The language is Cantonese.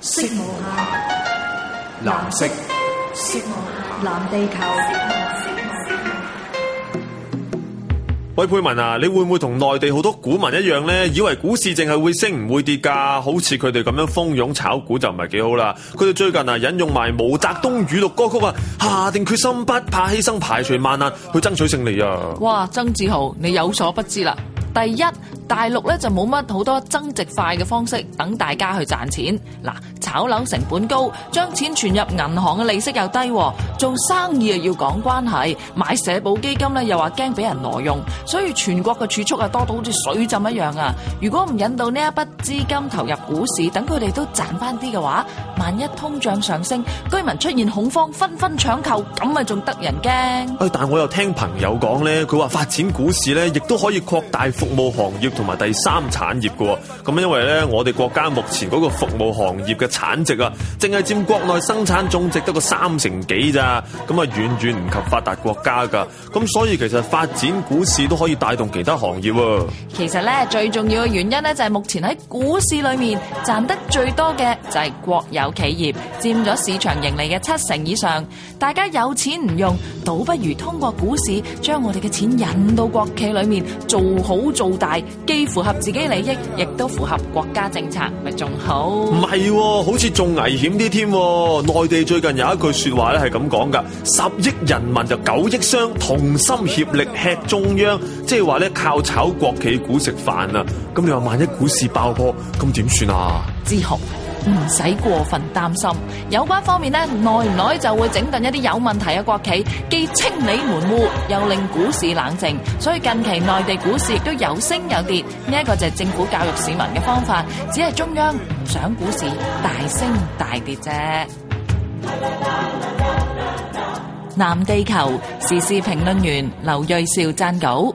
色無下，藍色。色無下，藍地球。喂，佩文啊，你會唔會同內地好多股民一樣呢？以為股市淨係會升唔會跌㗎？好似佢哋咁樣蜂擁炒股就唔係幾好啦。佢哋最近啊，引用埋毛澤東語錄歌曲啊，下定決心，啊，不怕犧牲，排除萬難去爭取勝利啊！哇，曾志豪，你有所不知啦，第一。大陸咧就冇乜好多增值快嘅方式等大家去賺錢，嗱，炒樓成本高，將錢存入銀行嘅利息又低，做生意又要講關係，買社保基金咧又話驚俾人挪用，所以全國嘅儲蓄啊多到好似水浸一樣啊！如果唔引導呢一筆資金投入股市，等佢哋都賺翻啲嘅話，萬一通脹上升，居民出現恐慌，紛紛搶購，咁啊仲得人驚？但我又聽朋友講咧，佢話發展股市咧，亦都可以擴大服務行業。同埋第三產業嘅喎，咁因為咧，我哋國家目前嗰個服務行業嘅產值啊，淨係佔國內生產總值得個三成幾咋，咁啊，遠遠唔及發達國家㗎。咁所以其實發展股市都可以帶動其他行業。其實咧，最重要嘅原因咧，就係目前喺股市裏面賺得最多嘅就係國有企業，佔咗市場盈利嘅七成以上。大家有錢唔用，倒不如通過股市將我哋嘅錢引到國企裏面，做好做大。既符合自己利益，亦都符合國家政策，咪仲好？唔係喎，好似仲危險啲添喎。內地最近有一句說話咧，係咁講噶：十億人民就九億商，同心協力吃中央，即係話咧，靠炒國企股食飯啊！咁你話，萬一股市爆破，咁點算啊？之豪。唔使過分擔心，有關方面咧，耐唔耐就會整頓一啲有問題嘅國企，既清理門戶，又令股市冷靜。所以近期內地股市都有升有跌，呢一個就係政府教育市民嘅方法，只係中央唔想股市大升大跌啫。藍地球時事評論員劉銳紹撰稿。